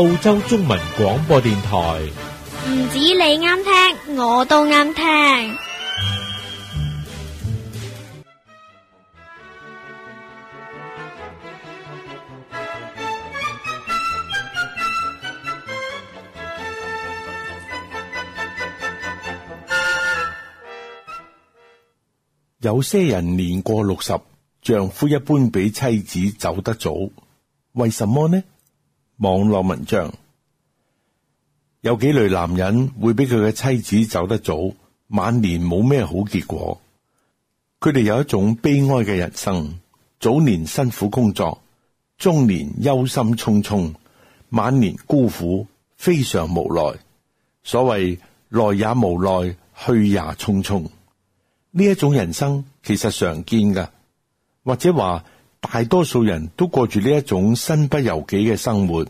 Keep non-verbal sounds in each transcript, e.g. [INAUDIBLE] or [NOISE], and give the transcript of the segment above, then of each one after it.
澳洲中文廣播電台，唔止你啱聽，我都啱聽。有些人年過六十，丈夫一般比妻子走得早，為什麼呢？網絡文章，有幾類男人會比佢嘅妻子走得早，晚年冇咩好結果。佢哋有一種悲哀嘅人生：早年辛苦工作，中年憂心忡忡，晚年孤苦，非常無奈。所謂來也無奈，去也匆匆。呢一種人生其實常見㗎，或者話。大多數人都過住呢一種身不由己嘅生活，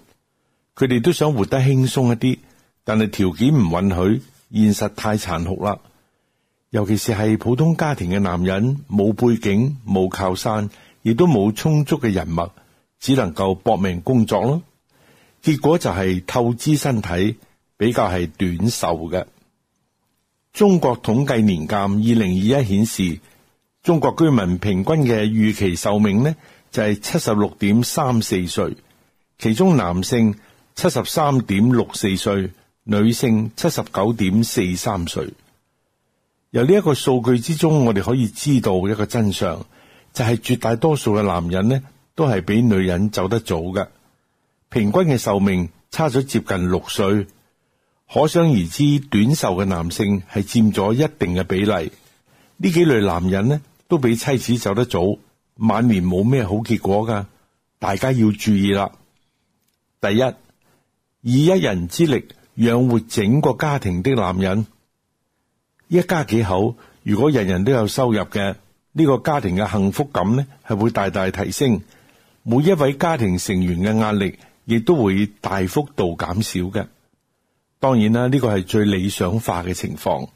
佢哋都想活得輕鬆一啲，但係條件唔允許，現實太殘酷啦。尤其是係普通家庭嘅男人，冇背景、冇靠山，亦都冇充足嘅人脈，只能夠搏命工作咯。結果就係透支身體，比較係短壽嘅。中國統計年鑑二零二一顯示。中國居民平均嘅預期壽命呢，就係七十六點三四歲，其中男性七十三點六四歲，女性七十九點四三歲。由呢一個數據之中，我哋可以知道一個真相，就係絕大多數嘅男人呢，都係比女人走得早嘅，平均嘅壽命差咗接近六歲。可想而知，短壽嘅男性係佔咗一定嘅比例，呢幾類男人呢？都比妻子走得早，晚年冇咩好結果噶，大家要注意啦。第一，以一人之力養活整個家庭的男人，一家幾口，如果人人都有收入嘅，呢個家庭嘅幸福感呢，係會大大提升，每一位家庭成員嘅壓力亦都會大幅度減少嘅。當然啦，呢個係最理想化嘅情況。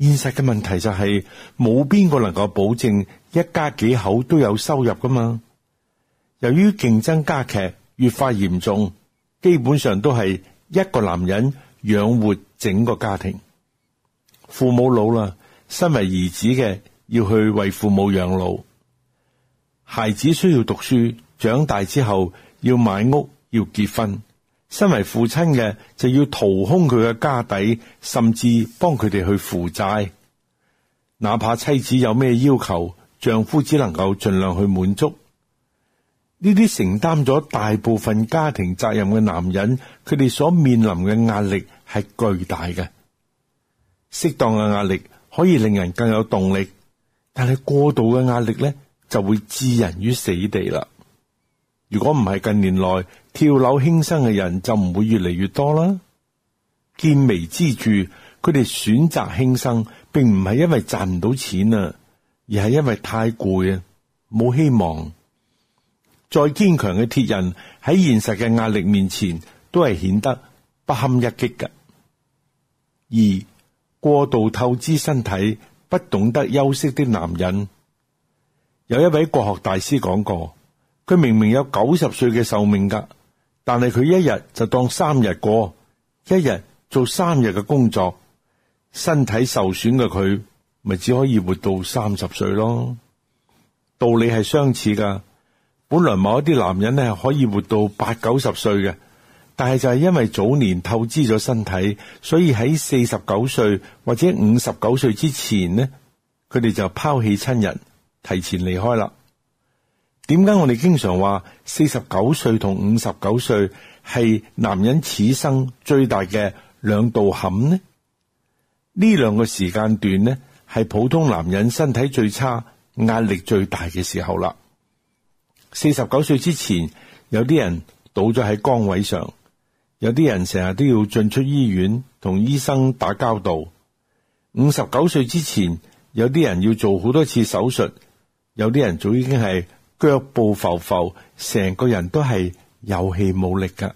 現實嘅問題就係冇邊個能夠保證一家幾口都有收入噶嘛？由於競爭加劇，越發嚴重，基本上都係一個男人養活整個家庭。父母老啦，身為兒子嘅要去為父母養老；孩子需要讀書，長大之後要買屋，要結婚。身為父親嘅就要掏空佢嘅家底，甚至幫佢哋去負債，哪怕妻子有咩要求，丈夫只能夠盡量去滿足。呢啲承擔咗大部分家庭責任嘅男人，佢哋所面臨嘅壓力係巨大嘅。適當嘅壓力可以令人更有動力，但係過度嘅壓力咧就會置人於死地啦。如果唔係近年來，跳樓輕生嘅人就唔會越嚟越多啦。見微知著，佢哋選擇輕生，並唔係因為賺唔到錢啊，而係因為太攰啊，冇希望。再堅強嘅鐵人，喺現實嘅壓力面前，都係顯得不堪一擊㗎。二、過度透支身體、不懂得休息的男人，有一位國學大師講過，佢明明有九十歲嘅壽命噶。但係佢一日就當三日過，一日做三日嘅工作，身體受損嘅佢咪只可以活到三十歲咯。道理係相似㗎。本來某一啲男人咧可以活到八九十歲嘅，但係就係因為早年透支咗身體，所以喺四十九歲或者五十九歲之前呢，佢哋就拋棄親人，提前離開啦。點解我哋經常話四十九歲同五十九歲係男人此生最大嘅兩道坎呢？呢兩個時間段呢係普通男人身體最差，壓力最大嘅時候啦。四十九歲之前，有啲人倒咗喺崗位上，有啲人成日都要進出醫院同醫生打交道。五十九歲之前，有啲人要做好多次手術，有啲人早已經係。腳步浮浮，成個人都係有氣冇力噶。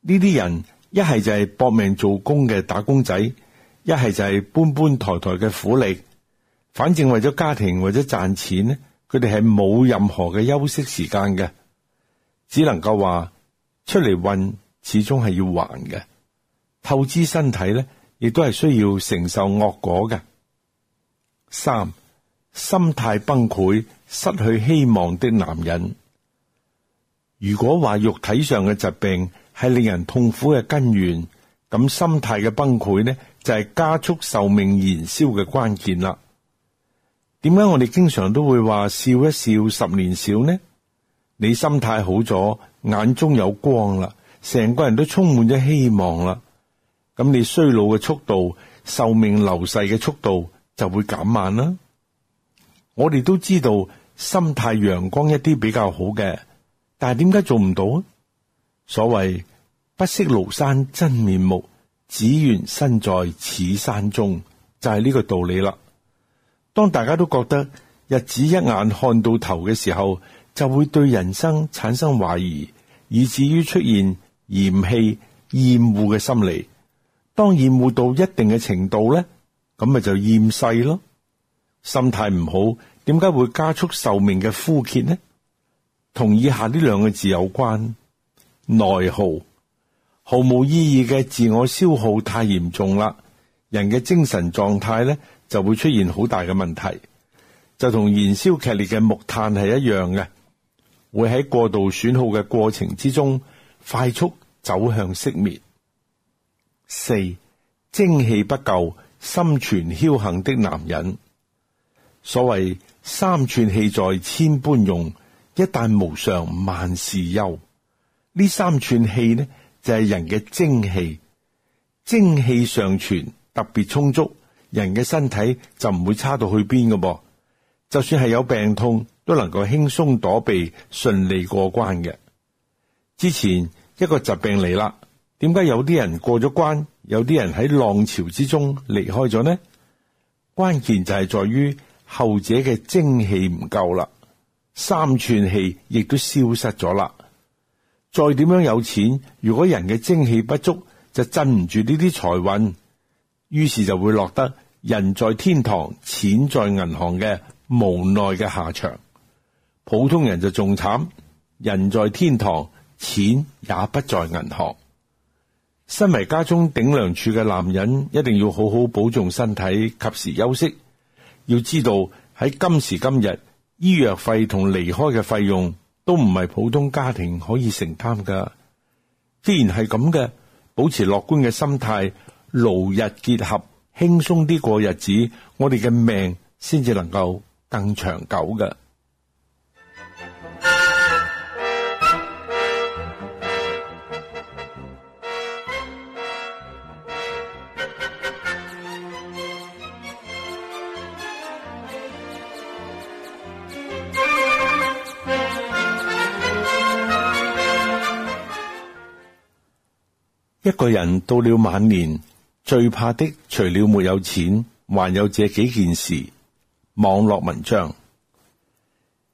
呢啲人一係就係搏命做工嘅打工仔，一係就係搬搬抬抬嘅苦力。反正為咗家庭或者賺錢咧，佢哋係冇任何嘅休息時間嘅，只能夠話出嚟，混始終係要還嘅。透支身體咧，亦都係需要承受惡果嘅。三。心態崩潰、失去希望的男人。如果話肉體上嘅疾病係令人痛苦嘅根源，咁心態嘅崩潰呢，就係加速壽命燃燒嘅關鍵啦。點解我哋經常都會話笑一笑，十年少呢？你心態好咗，眼中有光啦，成個人都充滿咗希望啦，咁你衰老嘅速度、壽命流逝嘅速度就會減慢啦。我哋都知道心態陽光一啲比較好嘅，但係點解做唔到啊？所謂不識廬山真面目，只緣身在此山中，就係呢個道理啦。當大家都覺得日子一眼看到頭嘅時候，就會對人生產生懷疑，以至於出現嫌棄、厭惡嘅心理。當厭惡到一定嘅程度咧，咁咪就厭世咯。心態唔好，點解會加速壽命嘅枯竭呢？同以下呢兩個字有關：內耗，毫無意義嘅自我消耗太嚴重啦，人嘅精神狀態咧就會出現好大嘅問題，就同燃燒劇烈嘅木炭係一樣嘅，會喺過度損耗嘅過程之中快速走向熄滅。四、精氣不夠，心存僥幸的男人。所謂三寸氣在千般用，一旦無常萬事休。呢三寸氣呢就係、是、人嘅精氣，精氣上傳特別充足，人嘅身體就唔會差到去邊㗎噃。就算係有病痛，都能夠輕鬆躲避，順利過關嘅。之前一個疾病嚟，啦，點解有啲人過咗關，有啲人喺浪潮之中離開咗呢？關鍵就係在於。後者嘅精氣唔夠啦，三寸氣亦都消失咗啦。再點樣有錢，如果人嘅精氣不足，就鎮唔住呢啲財運，於是就會落得人在天堂、錢在銀行嘅無奈嘅下場。普通人就仲慘，人在天堂，錢也不在銀行。身為家中頂樑柱嘅男人，一定要好好保重身體，及時休息。要知道，喺今時今日，醫藥費同離開嘅費用都唔係普通家庭可以承擔噶。既然係咁嘅，保持樂觀嘅心態，勞逸結合，輕鬆啲過日子，我哋嘅命先至能夠更長久㗎。一個人到了晚年，最怕的除了沒有錢，還有這幾件事。網絡文章，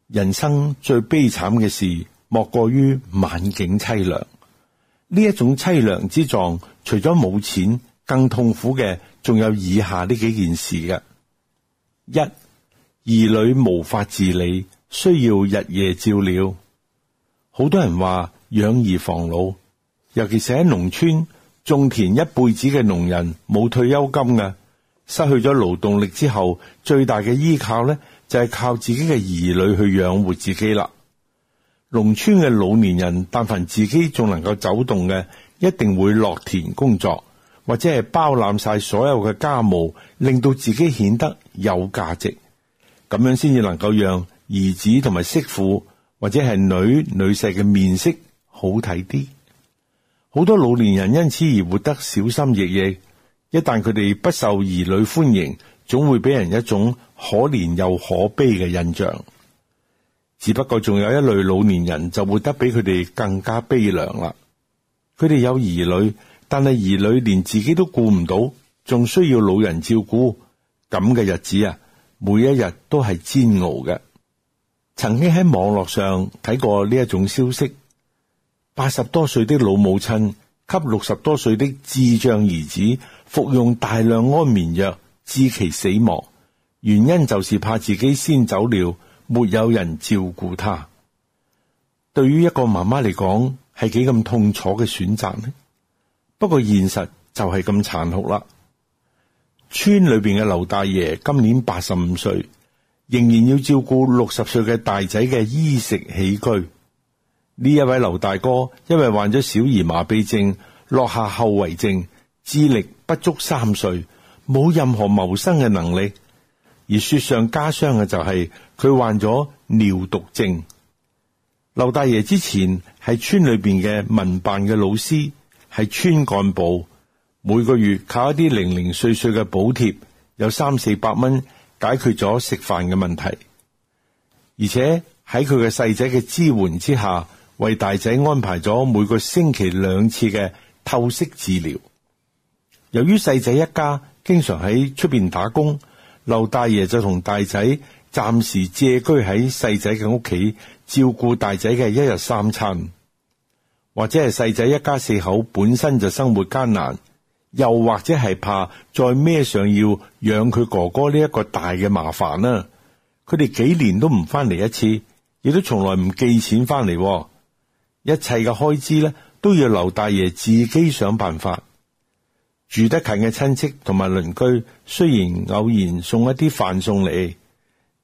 人生最悲慘嘅事，莫過於晚景凄涼。呢一種凄涼之狀，除咗冇錢，更痛苦嘅仲有以下呢幾件事嘅：一、兒女無法自理，需要日夜照料。好多人話養兒防老。尤其是喺農村種田一輩子嘅農人，冇退休金嘅，失去咗勞動力之後，最大嘅依靠咧就係靠自己嘅兒女去養活自己啦。農村嘅老年人，但凡自己仲能夠走動嘅，一定會落田工作，或者係包攬晒所有嘅家務，令到自己顯得有價值，咁樣先至能夠讓兒子同埋媳婦或者係女女婿嘅面色好睇啲。好多老年人因此而活得小心翼翼。一旦佢哋不受兒女歡迎，總會俾人一種可憐又可悲嘅印象。只不過仲有一類老年人就活得比佢哋更加悲涼啦。佢哋有兒女，但係兒女連自己都顧唔到，仲需要老人照顧，咁嘅日子啊，每一日都係煎熬嘅。曾經喺網絡上睇過呢一種消息。八十多歲的老母親，給六十多歲的智障兒子服用大量安眠藥，致其死亡。原因就是怕自己先走了，沒有人照顧他。對於一個媽媽嚟講，係幾咁痛楚嘅選擇呢？不過現實就係咁殘酷啦。村裏邊嘅劉大爺今年八十五歲，仍然要照顧六十歲嘅大仔嘅衣食起居。呢一位劉大哥，因為患咗小兒麻痹症，落下後遺症，智力不足三歲，冇任何謀生嘅能力。而雪上加霜嘅就係、是、佢患咗尿毒症。劉大爺之前係村裏邊嘅民辦嘅老師，係村幹部，每個月靠一啲零零碎碎嘅補貼，有三四百蚊，解決咗食飯嘅問題。而且喺佢嘅細仔嘅支援之下。為大仔安排咗每個星期兩次嘅透析治療。由於細仔一家經常喺出邊打工，劉大爺就同大仔暫時借居喺細仔嘅屋企，照顧大仔嘅一日三餐。或者係細仔一家四口本身就生活艱難，又或者係怕再孭上要養佢哥哥呢一個大嘅麻煩啦。佢哋幾年都唔翻嚟一次，亦都從來唔寄錢翻嚟。一切嘅開支咧，都要劉大爺自己想辦法。住得近嘅親戚同埋鄰居，雖然偶然送一啲飯送嚟，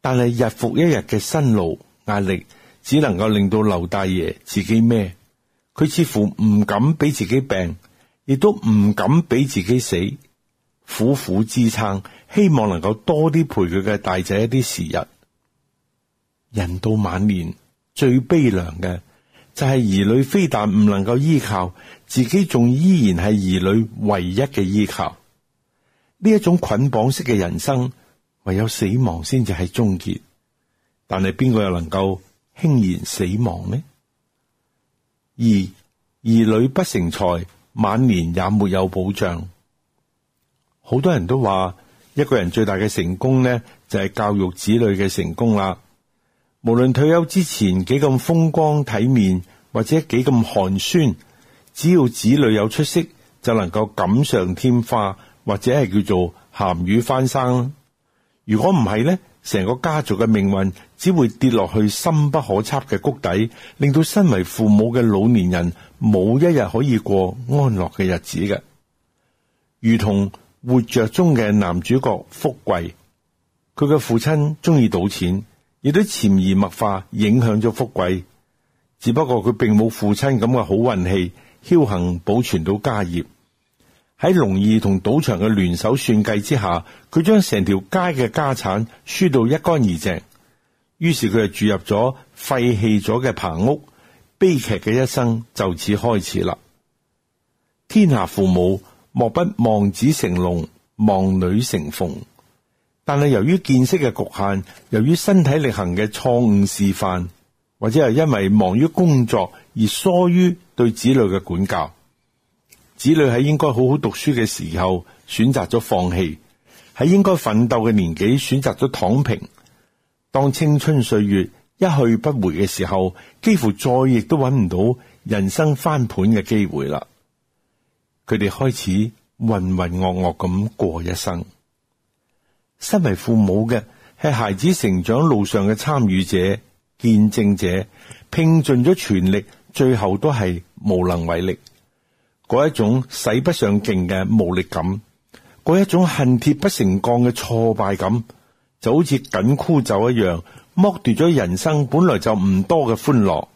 但係日復一日嘅辛勞壓力，只能夠令到劉大爺自己咩？佢似乎唔敢俾自己病，亦都唔敢俾自己死，苦苦支撐，希望能夠多啲陪佢嘅大仔一啲時日。人到晚年，最悲涼嘅。就係兒女非但唔能夠依靠自己，仲依然係兒女唯一嘅依靠。呢一種捆綁式嘅人生，唯有死亡先至係終結。但係邊個又能夠輕言死亡呢？二、兒女不成才，晚年也沒有保障。好多人都話，一個人最大嘅成功呢，就係、是、教育子女嘅成功啦。無論退休之前幾咁風光體面，或者幾咁寒酸，只要子女有出息，就能夠錦上添花，或者係叫做鹹魚翻身。如果唔係呢，成個家族嘅命運只會跌落去深不可測嘅谷底，令到身為父母嘅老年人冇一日可以過安樂嘅日子嘅。如同活着中嘅男主角福貴，佢嘅父親中意賭錢。亦都潛移默化影響咗福貴，只不過佢並冇父親咁嘅好運氣，僥倖保存到家業。喺龍二同賭場嘅聯手算計之下，佢將成條街嘅家產輸到一乾二淨。於是佢就住入咗廢棄咗嘅棚屋，悲劇嘅一生就此開始啦。天下父母莫不望子成龍，望女成鳳。但係由於見識嘅局限，由於身體力行嘅錯誤示範，或者係因為忙於工作而疏於對子女嘅管教，子女喺應該好好讀書嘅時候選擇咗放棄，喺應該奮鬥嘅年紀選擇咗躺平，當青春歲月一去不回嘅時候，幾乎再亦都揾唔到人生翻盤嘅機會啦。佢哋開始渾渾噩噩咁過一生。身為父母嘅，係孩子成長路上嘅參與者、見證者，拼盡咗全力，最後都係無能為力。嗰一種使不上勁嘅無力感，嗰一種恨鐵不成鋼嘅挫敗感，就好似緊箍咒一樣，剝奪咗人生本來就唔多嘅歡樂。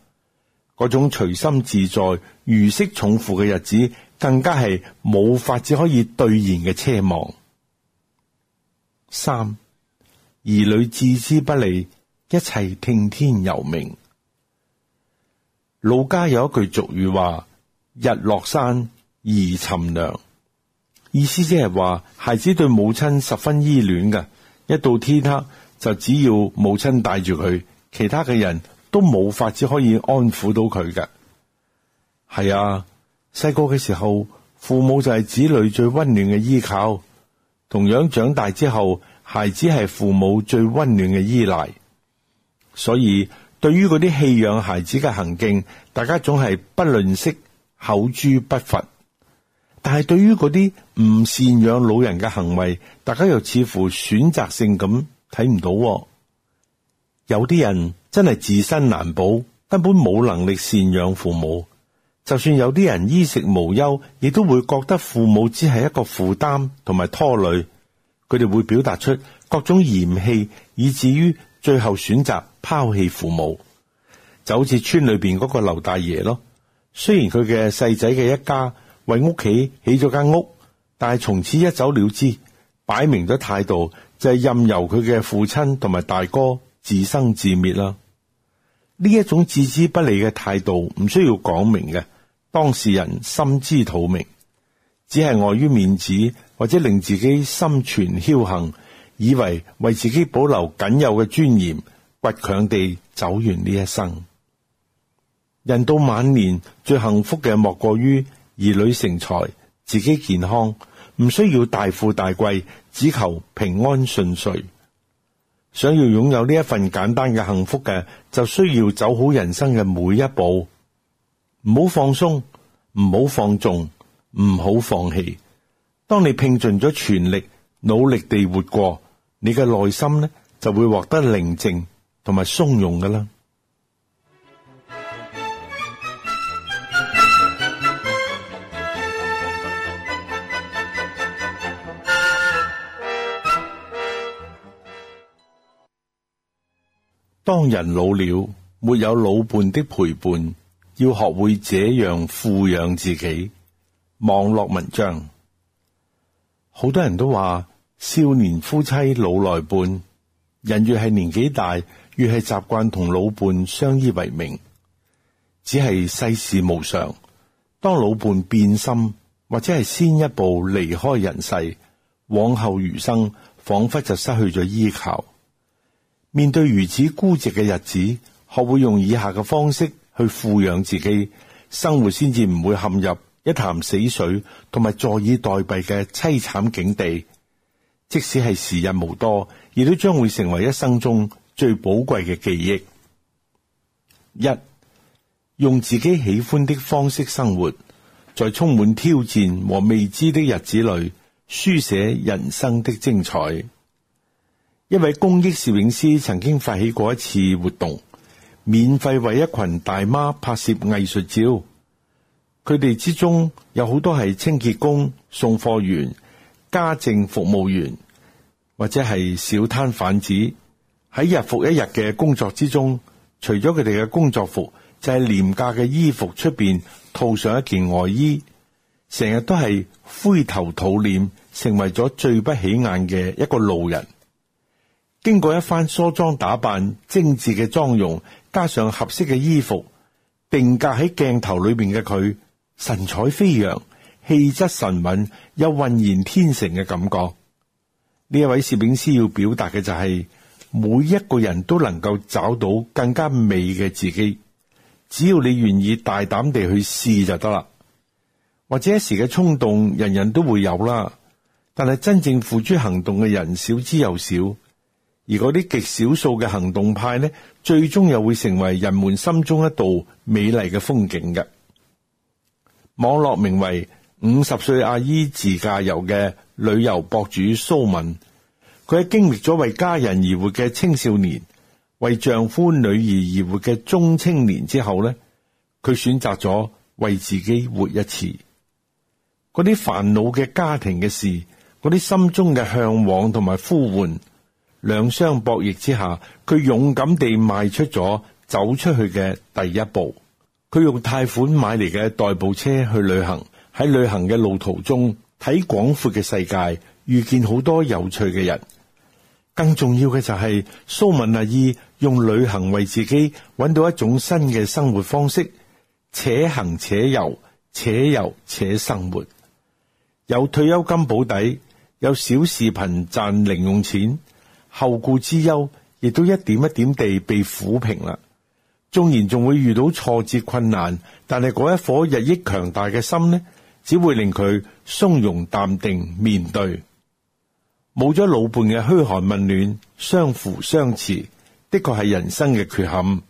嗰種隨心自在、如釋重負嘅日子，更加係冇法子可以兌現嘅奢望。三兒女置之不理，一切聽天由命。老家有一句俗語話：日落山，兒尋娘。意思即係話，孩子對母親十分依戀嘅，一到天黑就只要母親帶住佢，其他嘅人都冇法子可以安撫到佢嘅。係啊，細個嘅時候，父母就係子女最溫暖嘅依靠。同樣長大之後，孩子係父母最温暖嘅依賴，所以對於嗰啲棄養孩子嘅行徑，大家總係不吝惜，口誅筆伐。但係對於嗰啲唔贍養老人嘅行為，大家又似乎選擇性咁睇唔到。有啲人真係自身難保，根本冇能力贍養父母。就算有啲人衣食無憂，亦都會覺得父母只係一個負擔同埋拖累，佢哋會表達出各種嫌棄，以至於最後選擇拋棄父母。就好似村裏邊嗰個劉大爺咯，雖然佢嘅細仔嘅一家為屋企起咗間屋，但係從此一走了之，擺明咗態度就係、是、任由佢嘅父親同埋大哥自生自滅啦。呢一種置之不理嘅態度，唔需要講明嘅。當事人心知肚明，只係礙於面子或者令自己心存僥幸，以為為自己保留僅有嘅尊嚴，倔強地走完呢一生。人到晚年，最幸福嘅莫過於兒女成才，自己健康，唔需要大富大貴，只求平安順遂。想要擁有呢一份簡單嘅幸福嘅，就需要走好人生嘅每一步。唔好放鬆，唔好放縱，唔好放棄。當你拼盡咗全力，努力地活過，你嘅內心呢就會獲得寧靜同埋從容㗎喇。 [NOISE] 當人老了，沒有老伴的陪伴。要學會這樣富養自己。網絡文章好多人都話，少年夫妻老來伴。人越係年紀大，越係習慣同老伴相依為命。只係世事無常，當老伴變心，或者係先一步離開人世，往後餘生，仿佛就失去咗依靠。面對如此孤寂嘅日子，學會用以下嘅方式。去富養自己，生活先至唔會陷入一潭死水，同埋坐以待斃嘅淒慘境地。即使係時日無多，亦都將會成為一生中最寶貴嘅記憶。一、用自己喜歡的方式生活，在充滿挑戰和未知的日子裏，書寫人生的精彩。一位公益攝影師曾經發起過一次活動。免費為一群大媽拍攝藝術照，佢哋之中有好多係清潔工、送貨員、家政服務員或者係小攤販子，喺日復一日嘅工作之中，除咗佢哋嘅工作服，就係廉價嘅衣服出邊套上一件外衣，成日都係灰頭土臉，成為咗最不起眼嘅一個路人。經過一番梳妝打扮，精緻嘅妝容加上合適嘅衣服，定格喺鏡頭裏邊嘅佢，神采飛揚，氣質神韻，有渾然天成嘅感覺。呢一位攝影師要表達嘅就係、是、每一個人都能夠找到更加美嘅自己，只要你願意大膽地去試就得啦。或者一時嘅衝動，人人都會有啦，但係真正付諸行動嘅人少之又少。而嗰啲極少數嘅行動派呢，最終又會成為人們心中一道美麗嘅風景嘅。網絡名為《五十歲阿姨自駕遊》嘅旅遊博主蘇文，佢喺經歷咗為家人而活嘅青少年，為丈夫女兒而活嘅中青年之後呢，佢選擇咗為自己活一次。嗰啲煩惱嘅家庭嘅事，嗰啲心中嘅向往同埋呼喚。兩相博弈之下，佢勇敢地邁出咗走出去嘅第一步。佢用貸款買嚟嘅代步車去旅行，喺旅行嘅路途中睇廣闊嘅世界，遇見好多有趣嘅人。更重要嘅就係、是、蘇文阿姨用旅行為自己搵到一種新嘅生活方式，且行且遊，且，遊且遊，且遊且生活。有退休金保底，有小視頻賺零用錢。後顧之憂亦都一點一點地被撫平啦。縱然仲會遇到挫折困難，但係嗰一顆日益強大嘅心呢，只會令佢從容淡定面對。冇咗老伴嘅噓寒問暖、相扶相持，的確係人生嘅缺陷。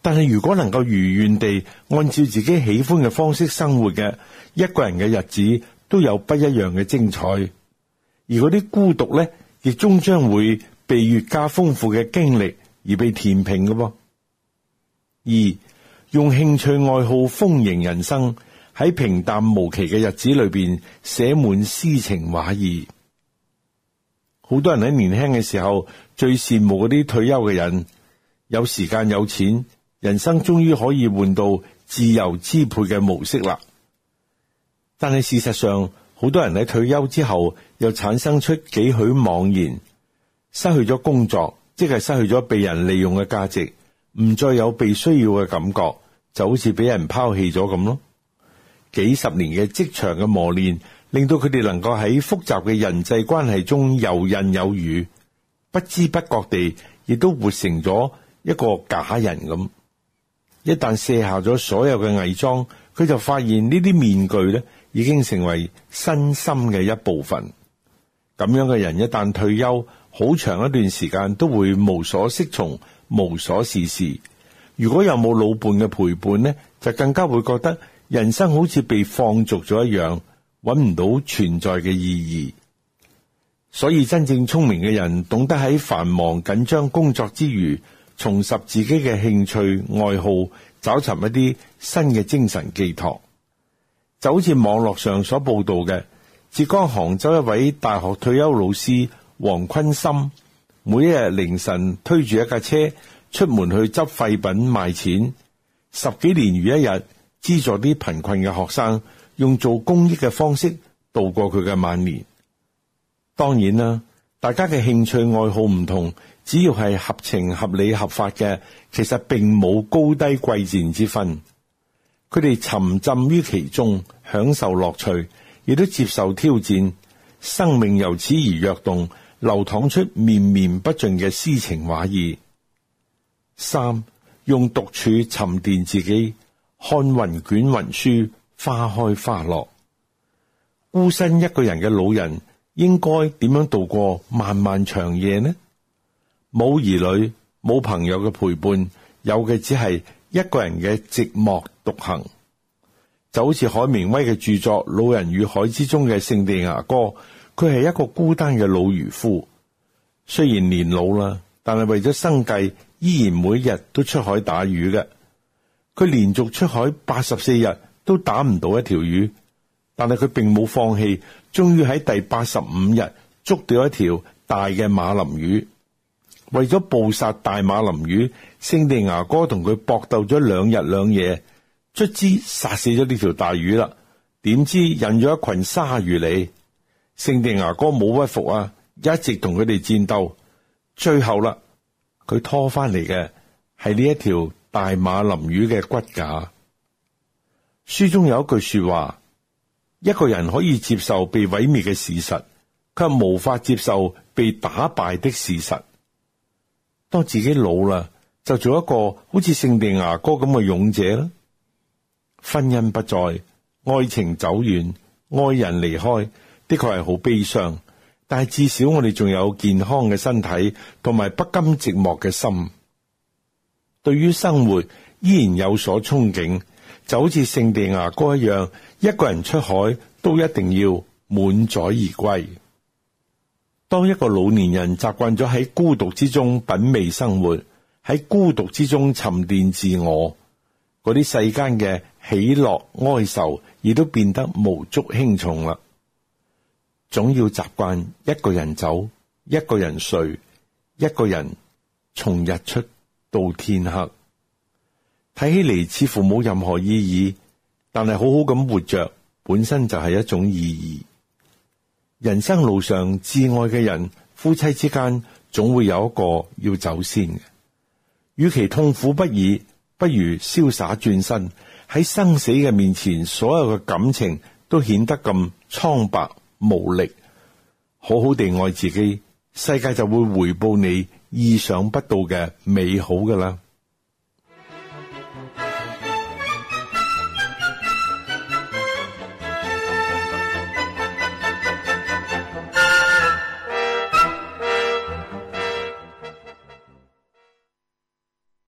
但係如果能夠如願地按照自己喜歡嘅方式生活嘅一個人嘅日子，都有不一樣嘅精彩。而嗰啲孤獨呢。亦終將會被越加豐富嘅經歷而被填平嘅噃。二、用興趣愛好豐盈人生，喺平淡無奇嘅日子裏邊寫滿詩情畫意。好多人喺年輕嘅時候最羨慕嗰啲退休嘅人，有時間、有錢，人生終於可以換到自由支配嘅模式啦。但係事實上，好多人喺退休之後，又產生出幾許妄言：「失去咗工作，即係失去咗被人利用嘅價值，唔再有被需要嘅感覺，就好似俾人拋棄咗咁咯。幾十年嘅職場嘅磨練，令到佢哋能夠喺複雜嘅人際關係中游刃有餘，不知不覺地亦都活成咗一個假人咁。一旦卸下咗所有嘅偽裝，佢就發現呢啲面具咧。已經成為身心嘅一部分。咁樣嘅人一旦退休，好長一段時間都會無所適從、無所事事。如果有冇老伴嘅陪伴呢，就更加會覺得人生好似被放逐咗一樣，搵唔到存在嘅意義。所以真正聰明嘅人，懂得喺繁忙緊張工作之餘，重拾自己嘅興趣愛好，找尋一啲新嘅精神寄託。就好似網絡上所報道嘅，浙江杭州一位大學退休老師黃坤森，每一日凌晨推住一架車出門去執廢品賣錢，十幾年如一日，資助啲貧困嘅學生，用做公益嘅方式度過佢嘅晚年。當然啦，大家嘅興趣愛好唔同，只要係合情合理合法嘅，其實並冇高低貴賤之分。佢哋沉浸於其中，享受樂趣，亦都接受挑戰，生命由此而躍動，流淌出綿綿不盡嘅詩情畫意。三、用獨處沉澱自己，看雲捲雲舒，花開花落。孤身一個人嘅老人應該點樣度過漫漫長夜呢？冇兒女、冇朋友嘅陪伴，有嘅只係。一個人嘅寂寞獨行，就好似海明威嘅著作《老人與海》之中嘅聖地牙哥，佢係一個孤單嘅老漁夫。雖然年老啦，但係為咗生計，依然每日都出海打魚嘅。佢連續出海八十四日都打唔到一條魚，但係佢並冇放棄，終於喺第八十五日捉到一條大嘅馬林魚。為咗捕殺大馬林魚，聖地牙哥同佢搏鬥咗兩日兩夜，卒之殺死咗呢條大魚啦。點知引咗一群鯊魚嚟，聖地牙哥冇屈服啊，一直同佢哋戰鬥。最後啦，佢拖翻嚟嘅係呢一條大馬林魚嘅骨架。書中有一句說話：一個人可以接受被毀滅嘅事實，卻無法接受被打敗的事實。當自己老啦，就做一個好似聖地牙哥咁嘅勇者啦。婚姻不在，愛情走遠，愛人離開，的確係好悲傷。但係至少我哋仲有健康嘅身體，同埋不甘寂寞嘅心，對於生活依然有所憧憬，就好似聖地牙哥一樣，一個人出海都一定要滿載而歸。當一個老年人習慣咗喺孤獨之中品味生活，喺孤獨之中沉澱自我，嗰啲世間嘅喜樂哀愁，亦都變得無足輕重啦。總要習慣一個人走，一個人睡，一個人從日出到天黑。睇起嚟似乎冇任何意義，但係好好咁活着，本身就係一種意義。人生路上至愛嘅人，夫妻之間總會有一個要走先嘅。與其痛苦不已，不如瀟灑轉身。喺生死嘅面前，所有嘅感情都顯得咁蒼白無力。好好地愛自己，世界就會回報你意想不到嘅美好㗎喇。